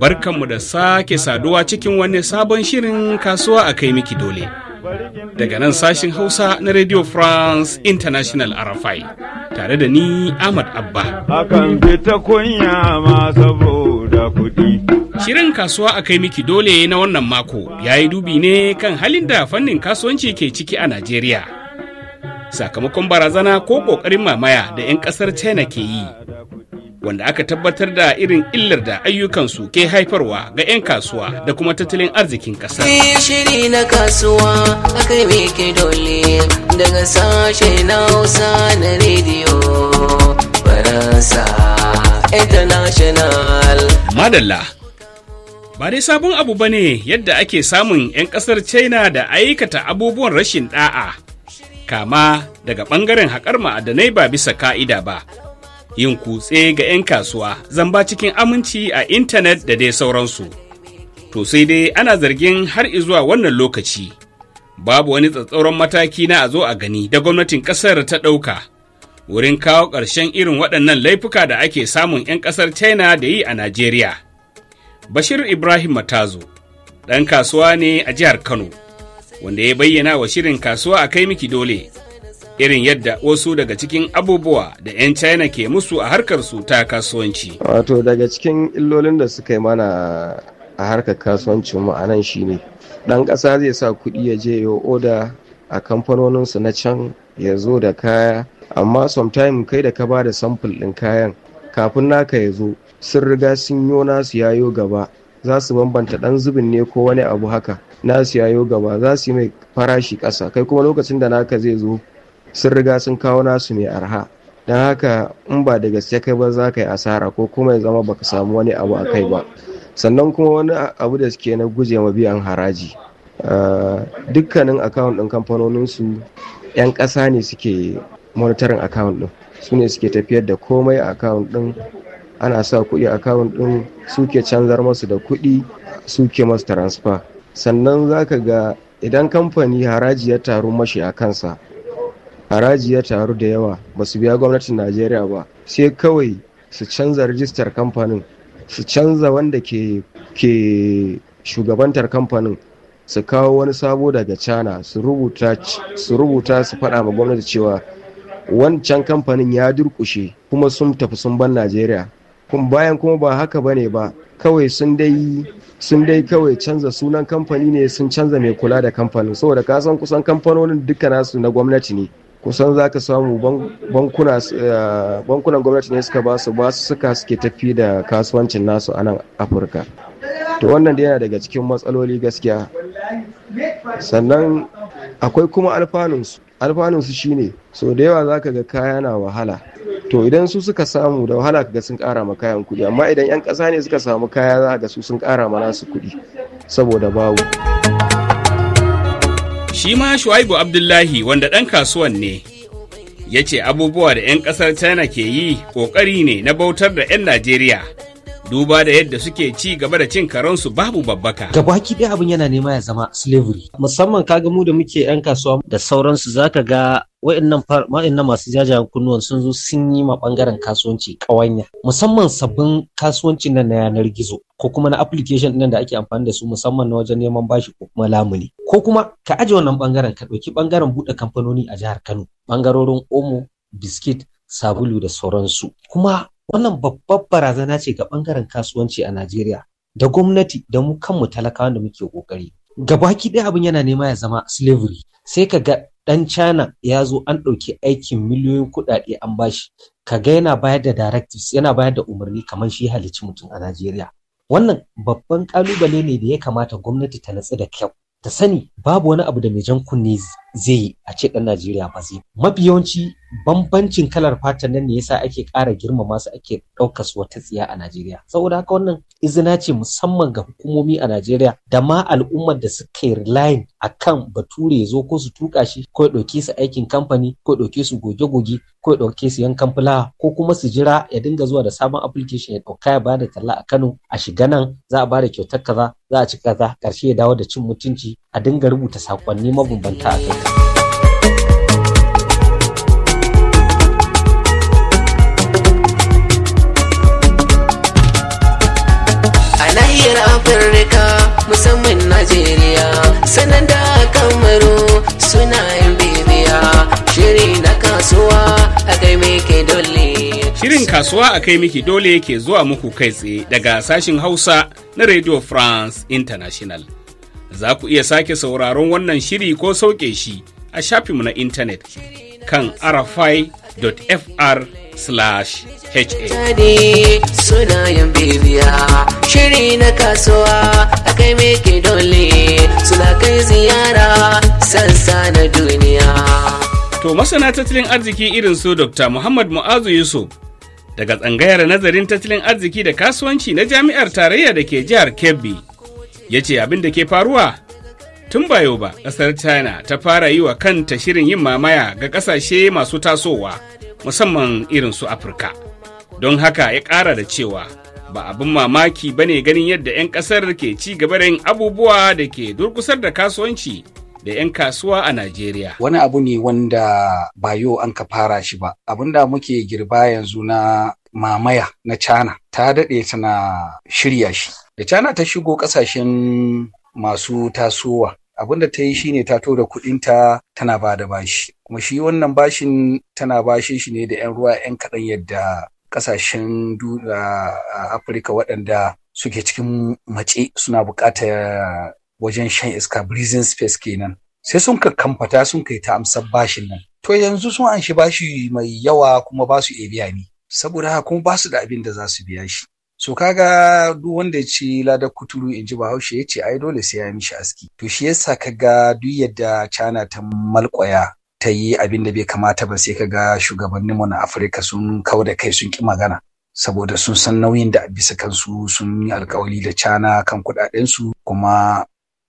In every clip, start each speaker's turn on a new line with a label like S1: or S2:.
S1: Barkan mu da sake saduwa cikin wani sabon shirin kasuwa a kai miki dole. Daga nan sashin Hausa na Radio France International RFI tare da ni Ahmad Abba. Akan fita kunya
S2: ma saboda kuɗi.
S1: Shirin kasuwa a kai miki dole na wannan mako ya yi dubi ne kan halin da fannin kasuwanci ke ciki a Najeriya. Sakamakon barazana ko ƙoƙarin mamaya da 'yan ƙasar China ke yi. wanda aka tabbatar da irin illar da ayyukansu ke haifarwa ga 'yan kasuwa da kuma tattalin arzikin ƙasar.
S3: shiri na kasuwa aka ke dole daga sashe na hausa
S4: na rediyo
S5: faransa
S1: international. madalla ba dai sabon abu ba ne yadda ake samun 'yan kasar china da aikata abubuwan rashin ɗa'a kama daga ɓangaren haƙar ma'adanai ba bisa ka'ida ba yin kutse ga 'yan kasuwa zamba cikin aminci a intanet da dai sauransu to sai dai ana zargin har izuwa wannan lokaci babu wani tsatsauran mataki na a zo a gani da gwamnatin ƙasar ta ɗauka wurin kawo ƙarshen irin waɗannan laifuka da ake samun 'yan ƙasar china da yi a najeriya bashir ibrahim matazo ɗan kasuwa ne a jihar kano wanda ya bayyana wa shirin kasuwa a kai miki dole irin yadda wasu daga cikin abubuwa da 'yan china ke musu a harkar ta kasuwanci
S3: wato daga cikin illolin da suka yi mana a harkar kasuwancin mu nan shine dan ƙasa zai sa kuɗi ya je ya oda a kamfanoninsu na can ya zo da kaya amma sometime kai da ka ba da samfur ɗin kayan kafin naka ya zo sun riga sun yo nasu yayo gaba za su bambanta ɗan zubin ne ko wani abu haka nasu yayo gaba za su yi mai farashi ƙasa kai kuma lokacin da naka zai zo sun riga sun kawo nasu mai arha don haka in ba da gaske kai ba za ka yi asara ko kuma ya zama baka samu wani abu a kai ba sannan kuma wani abu da suke na guje ma biyan haraji eh, dukkanin akawun ɗin kamfanoninsu 'yan ƙasa ne suke monitorin akawun ɗin su ne suke tafiyar da komai a akawun ɗin ana sa kuɗi a akawun ɗin suke canzar masu da kuɗi suke masu transfer sannan za ka ga idan kamfani haraji ya taru mashi a kansa haraji ya taru da yawa ba su biya gwamnatin najeriya ba sai kawai su canza rijistar kamfanin su canza wanda ke, shugabantar kamfanin su kawo wani sabo daga china su rubuta su fada faɗa ma gwamnati cewa wancan kamfanin ya durkushe kuma sun tafi sun ban najeriya kun bayan kuma ba haka ba ne ba kawai sun dai sun dai kawai canza sunan kamfani ne sun canza mai kula da kamfanin saboda kasan kusan kamfanonin duka nasu na gwamnati ne kusan za ka samu eh, bankunan gwamnati ne suka basu basu suka suke tafi da kasuwancin nasu a nan afirka to wannan da yana daga cikin matsaloli gaskiya
S2: sannan
S3: akwai kuma alfanunsu alfanunsu shine so da yawa za ka ga kaya na wahala to idan su suka samu da wahala kaga sun kara ma kayan kudi amma idan 'yan kasa ne suka samu kaya za ga su sun kara ma nasu kudi saboda babu.
S1: Shi ma Shuaibu Abdullahi wanda ɗan kasuwan ne, ya ce abubuwa da 'yan ƙasar China ke yi ƙoƙari ne na bautar da 'yan Najeriya. duba da yadda suke ci gaba da cin karansu babu babbaka.
S5: Gabaki ɗaya abin yana nema ya zama slavery. Musamman kaga mu da muke 'yan kasuwa da sauransu zaka ga wa'annan masu jajayen kunnuwan sun zo sun yi ma bangaren kasuwanci kawanya musamman sabbin kasuwanci nan na yanar gizo ko kuma na application ɗin da ake amfani da su musamman na wajen neman bashi ko kuma lamuni ko kuma ka aje wannan bangaren ka ɗauki bangaren buɗe kamfanoni a jihar Kano ɓangarorin omo biskit sabulu da sauransu kuma wannan babbar barazana ce ga bangaren kasuwanci a Najeriya da gwamnati da mu kanmu talakawa da muke kokari gabaki ɗaya abin yana nema ya zama slavery sai ka ga ɗan China ya zo an ɗauki aikin miliyoyin kuɗaɗe an bashi ka ga yana bayar da directives yana bayar da umarni kamar shi halicci mutum a Najeriya wannan babban kalubale ne da ya kamata gwamnati ta natsu da kyau ta sani babu wani abu da mai jan kunne zai yi a ce ɗan Najeriya ba zai mafi yawanci bambancin kalar fatan nan ne yasa ake ƙara girmama su ake ɗaukar su wata tsiya a Najeriya. Saboda haka wannan izina ce musamman ga hukumomi a Najeriya da ma al'ummar da suka yi a kan bature ya zo ko su tuƙa shi ko ya ɗauke su aikin kamfani ko ya ɗauke su goge-goge ko ya ɗauke su yankan fulawa ko kuma su jira ya dinga zuwa da sabon application ya ɗauka ya bada talla a Kano a shiga nan za a da kyautar kaza za a ci kaza ƙarshe ya dawo da cin mutunci a dinga rubuta saƙonni mabambanta a kai.
S3: nahiyar afirka musamman najeriya sanan da kamaru suna yin bibiya shiri na kasuwa
S2: a kai dole
S1: shirin kasuwa a kai miki dole ke zuwa muku kai tsaye daga sashin hausa na radio france international za ku iya sake sauraron wannan shiri ko sauke shi a shafinmu na intanet kan rfifr
S3: ha shiri na kasuwa a me ke dole suna kai ziyara sansa na duniya
S1: to masana tattalin arziki irin su dr muhammad mu'azu yusuf daga tsangayar nazarin tattalin arziki da kasuwanci na jami'ar tarayya da ke jihar kebbi ya ce abin da ke faruwa tun bayo ba ƙasar china ta fara yi wa kanta shirin yin mamaya ga ƙasashe masu tasowa musamman irin su afirka don haka ya ƙara da cewa ba abin mamaki ba ne ganin yadda 'yan ƙasar ke ci gaba da yin abubuwa da ke durkusar da kasuwanci da 'yan kasuwa a Najeriya.
S4: Wani abu ne wanda ba yau an ka fara shi ba, abin da muke girba yanzu na mamaya na Cana ta daɗe tana shirya shi. Da Cana ta shigo ƙasashen masu tasowa, abin da ta yi ne ta da kuɗinta tana ba da bashi. Kuma shi wannan bashin tana bashe shi ne da 'yan ruwa 'yan kaɗan yadda kasashen afirka waɗanda suke cikin mace suna buƙatar wajen shan iska breathing space kenan sai sun kamfata sun kai ta amsar bashin nan to yanzu sun anshi bashi mai yawa kuma ba su biya ne saboda haka kuma ba su da abin da za su biya shi so kaga duk wanda ya ci lada kuturu in ji bahaushe ya ce ai dole sai ya mishi aski to shi yasa kaga duk yadda cana ta malkwaya ta yi abin da bai kamata ba sai kaga mu na afirka sun kau da kai sun ki magana saboda sun san nauyin da bisa kansu sun yi alkawali da cana kan kuɗaɗensu kuma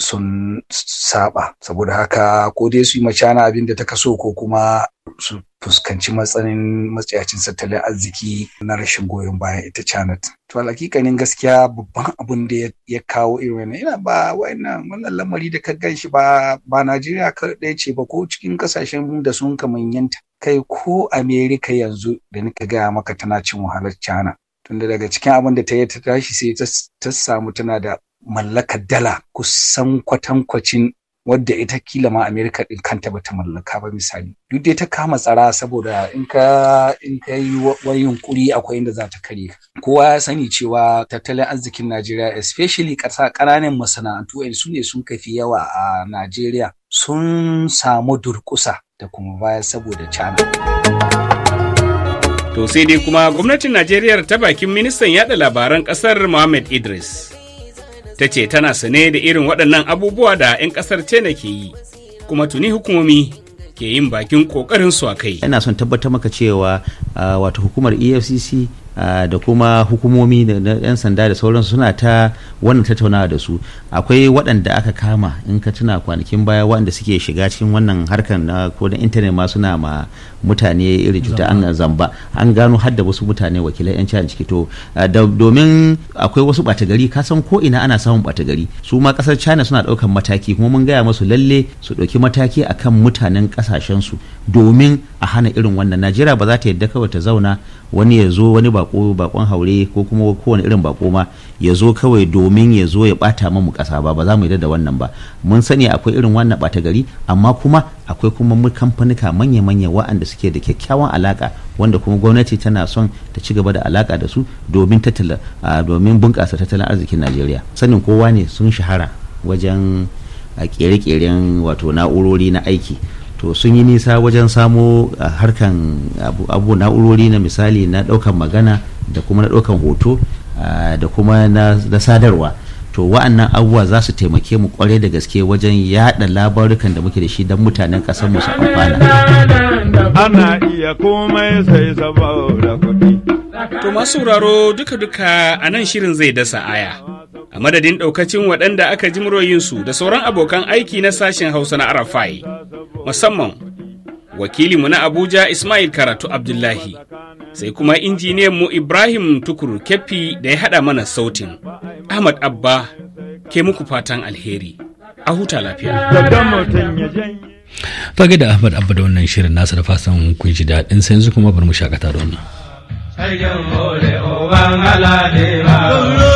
S4: sun saba saboda haka ko dai su yi macana abin da ta kaso ko kuma su fuskanci matsanin matsayacin tattalin arziki na rashin goyon bayan ita Janet. To alhakikanin gaskiya babban abin da ya kawo irin wannan yana ba wannan wannan lamari da ka gan shi ba ba Najeriya ɗaya ce ba ko cikin kasashen da sun kamanyanta kai ko Amerika yanzu da nika gaya maka tana cin wahalar cana. Tunda daga cikin abin da ta yi ta tashi sai ta samu tana da mallakar dala kusan kwatankwacin wadda ita kila ma Amerika din kanta bata mallaka ba misali duk dai ta kama tsara saboda in ka in ka yi wani yunkuri akwai inda za ta kare kowa ya sani cewa tattalin arzikin Najeriya especially ƙasa ƙananan masana'antu su ne sun kafi yawa a Najeriya sun samu durƙusa da kuma baya saboda cana.
S1: To sai dai kuma gwamnatin Najeriya ta bakin ministan yaɗa labaran ƙasar Mohammed Idris ta ce tana sane da irin waɗannan abubuwa da 'yan ƙasar tena ke yi kuma tuni hukumomi ke yin bakin ƙoƙarin su a kai
S2: ina son tabbatar maka cewa ah, wato hukumar efcc Ah, da kuma hukumomi da 'yan sanda da sauransu suna ta wannan tattaunawa da su akwai waɗanda aka kama in ka tuna kwanakin baya waɗanda suke shiga cikin wannan harkar na ko da intanet ma suna ma mutane irin cuta an zamba an gano hadda wasu mutane wakilai 'yan cin ciki to ah, domin akwai wasu ɓata gari ka san ko ina ana samun ɓata gari su ma ƙasar china suna ɗaukan mataki kuma mun gaya masu lalle su ɗauki mataki akan mutanen ƙasashensu domin a hana irin wannan najeriya ba za ta yadda kawai ta zauna wani ya zo wani ba bako bakon haure ko kuma kowane irin bako ma ya zo kawai domin ya zo ya bata mu kasa ba ba za mu yi da wannan ba mun sani akwai irin wannan bata gari amma kuma akwai kuma mu kamfanuka manya-manya waɗanda suke da kyakkyawan alaka wanda kuma gwamnati tana son ta ci gaba da alaka da su domin tattala domin bunƙasa tattalin arzikin Najeriya sanin kowa ne sun shahara wajen a kere-keren wato na'urori na aiki to sun yi nisa wajen samo harkan abu na'urori na misali na ɗaukan magana da kuma na ɗaukan hoto da kuma na sadarwa to wa'annan abubuwa za su taimake mu kwarai da gaske wajen yada labarukan da muke da shi don mutanen kasar mu su amfana.
S1: To masu sauraro
S2: duka-duka a nan shirin zai
S1: dasa aya. A madadin ɗaukacin waɗanda aka ji muroyinsu da sauran abokan aiki na sashen Hausa na Arafai. musamman wakilinmu na Abuja Ismail Karatu Abdullahi, sai kuma mu Ibrahim Tukuru kefi da ya haɗa mana sautin. Ahmad Abba ke muku fatan alheri, a huta lafiya. fage da ahmad abba da wannan shirin nasa da fasan kun ji daɗin sai yanzu kuma
S4: bari mu shakata da wannan